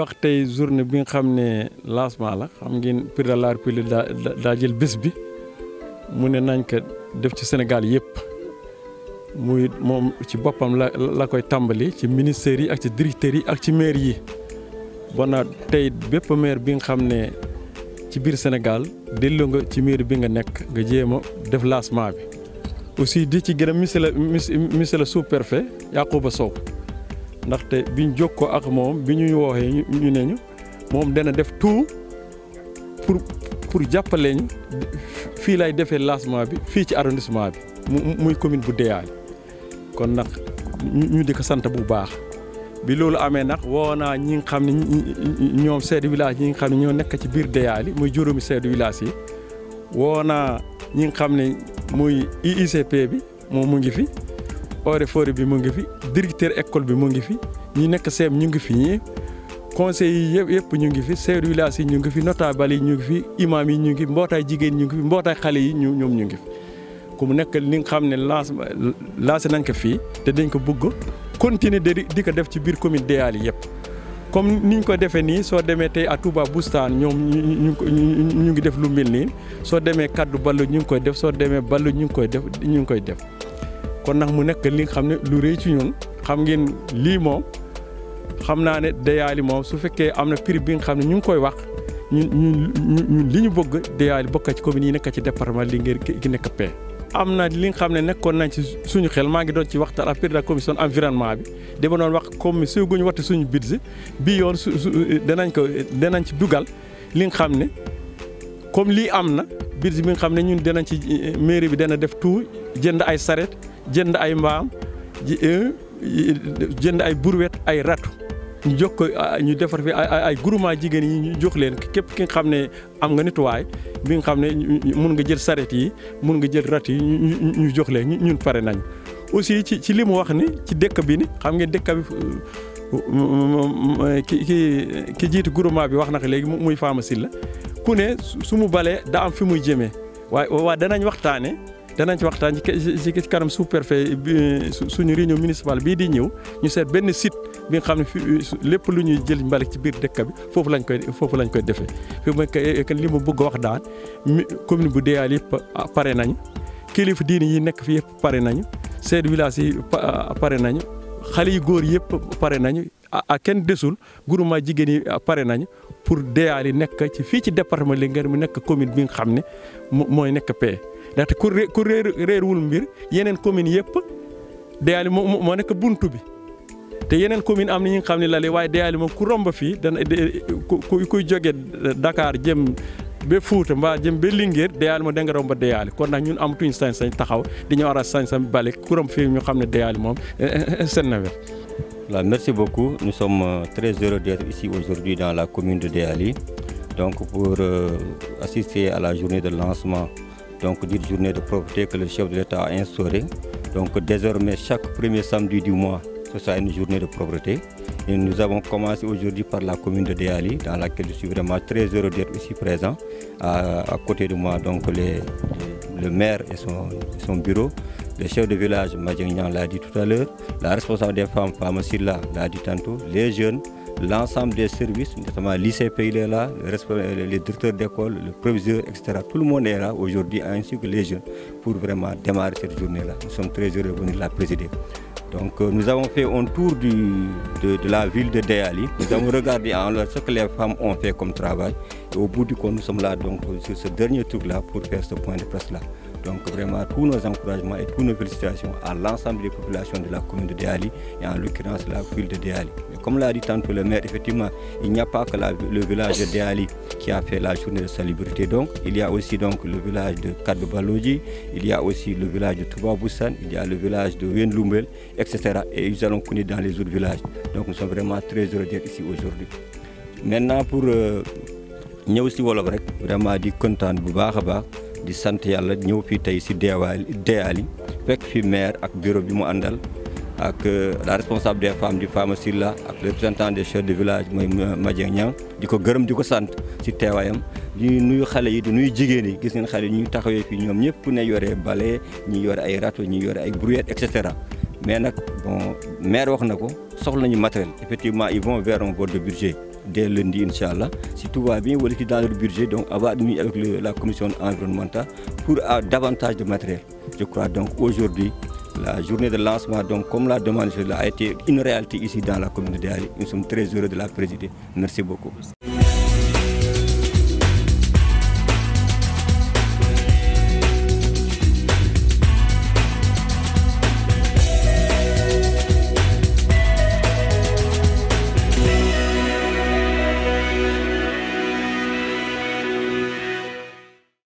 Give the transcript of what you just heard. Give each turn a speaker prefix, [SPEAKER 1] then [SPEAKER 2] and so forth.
[SPEAKER 1] wax tey journée bi nga xam ne lancement la xam ngeen président de la République daa jël bés bi mu ne nañ ko def ci Sénégal yëpp muy moom ci boppam la la koy tàmbali ci ministères yi ak ci directeurs yi ak ci maire yi ba na tey bépp maire bi nga xam ne ci biir Sénégal delloo nga ci maire bi nga nekk nga jéem a def lancement bi aussi di ci gërëm monsieur le monsieur le sous-préfet Yacouba Sow ndaxte biñ jokkoo ak moom bi ñuy wooxee ñu ne ñu moom dana def tout pour pour jàppale fii lay defee lancement bi fii ci arrondissement bi mu muy commune bu Deyaane kon nag ñu di ko sant bu baax bi loolu amee nag woo naa ñi xam ne ñoom chef de village ñi nga xam ne ñoo nekk ci biir Deyaane muy juróomi chef de village yi woo naa ñi nga xam ne muy IICP bi moom mu ngi fi eaux et bi mu ngi fi directeur école bi mu ngi fi ñu nekk seem ñu ngi fi ñii conseil yi yëpp ñu ngi fi chefs de yi ñu ngi fi notable yi ñu ngi fi imam yi ñu ngi mbootaay jigéen ñu ngi fi mbootaay xale yi ñu ñoom ñu ngi fi ku nekk ni nga xam ne lancé lancé nañ ko fii te dañ ko bëgg continuer di di ko def ci biir commune Deyali yi yëpp comme ñu ko defe nii soo demee tey à Touba Boustaan ñoom ñu ñu ngi def lu mel nii soo demee kaddu ballu ñu ngi koy def soo demee ballu ñu ngi koy def ñu ngi koy def kon nag mu nekk li nga xam ne lu rëy ci ñun xam ngeen lii moom xam naa ne Déyaly moom su fekkee am na prix bi nga xam ne ñu ngi koy wax ñun ñun ñu bëgg Déyaly bokk ci commune yi nekk ci département Linguère gi nekk Paix. am na li nga ne nekkoon nañ ci suñu xel maa ngi doon ci waxtaan ak président commission environnement bi dama doon wax comme su guñu wate suñu budget bi yoon su danañ ko danañ ci dugal li nga xam ne comme lii am na budget bi nga xam ne ñun danañ ci mairie bi dana def tout jënd ay saret jënd ay mbaam euh, jënd ay burwet ay ratu ñu jox ko ah, ñu defar fi ay groupement jigéen yi ñu jox leen képp ki nga xam ne am nga nituwaay bi nga xam ne mun nga jël saret yi mun nga jël rat yi ñu jox leen ñun pare nañ aussi ci ci li mu wax ni ci dëkk bi ni xam ngeen dëkk bi ki ki ki jiitu groupement bi wax na ko léegi muy pharmacie la ku ne su mu bale daa am fi muy jëmee waaye waaw danañ waxtaane danañ ci waxtaan ci ci kanam sous su suñu réunion municipale bii di ñëw ñu seet benn site bi nga xam ne fi lépp lu ñuy jël mbalik ci biir dëkk bi foofu lañ koy foofu lañ koy defee. fi mu eh, eh, li ma bëgg a wax daan commune bu Déyaly ah, yëpp pare nañu kilifa diini yi nekk fii yëpp pare nañu seet village yi ah, pare nañu xale yu góor yëpp pare nañu a ah, kenn desul groupement jigéen yi pare nañu. pour Déaly nekk ci fii ci département Linguère mu nekk commune bi nga xam ne mooy nekk P e. ndaxte ku ré ku réerwul mbir yeneen communes yëpp Déaly moo moo nekk buntu bi. te yeneen commune am ni ñi xam ne lale waaye Déaly moom ku romb fii dana ku kuy jóge Dakar jëm merci
[SPEAKER 2] beaucoup. Nous sommes euh, très heureux d'être ici aujourd'hui dans la commune de Déali donc pour euh, assister à la journée de lancement donc d'une journée de propreté que le chef de l'État a instaurée. Donc désormais chaque premier samedi du mois, que ce soit une journée de propreté. Et nous avons commencé aujourd'hui par la commune de Déali, dans laquelle je suis vraiment très heureux d'être ici présent, à, côté de moi, donc le maire et son, bureau, le chef de village, Madjignan, l'a dit tout à l'heure, la responsable des femmes, pharmacie, l'a dit tantôt, les jeunes, l'ensemble des services, notamment l'ICP, il est là, les directeurs d'école, le proviseur, etc. Tout le monde est là aujourd'hui, ainsi que les jeunes, pour vraiment démarrer cette journée-là. Nous sommes très heureux de venir la présider. Donc euh, nous avons fait un tour de, la ville de Déali. Nous avons regardé ce que les femmes ont fait comme travail. Et au bout du compte, nous sommes là donc sur ce dernier truc là pour faire ce point de presse là. Donc vraiment, tous nos encouragements et toutes nos félicitations à l'ensemble des populations de la commune de Déali et en l'occurrence la ville de Déali. comme l'a dit tantôt le maire, effectivement, il n'y a pas que le village de Déali qui a fait la journée de liberté Donc, il y a aussi donc, le village de Kadobaloji, il y a aussi le village de touba il y a le village de Wenlumbel, etc. Et nous allons connaître dans les autres villages. Donc nous sommes vraiment très heureux d'être ici aujourd'hui. Maintenant, pour... Euh, ñëw vraiment dit de bu vous di sante yalla ñëw fi maire ak bureau bi euh, la responsable des femmes du pharmacie Silla le représentant des chefs de village moy Niang diko gërëm nuyu xalé yi nuyu gis mais nak bon maire wax nako matériel effectivement ils vont vers un vote de budget dès lundi, Inch'Allah, si tout va bien, allez être dans le budget, donc avoir admis avec la commission environnementale pour avoir ah, davantage de matériel. Je crois donc aujourd'hui, la journée de lancement, donc, comme la demande a été une réalité ici dans la communauté, nous sommes très heureux de la présider. Merci beaucoup.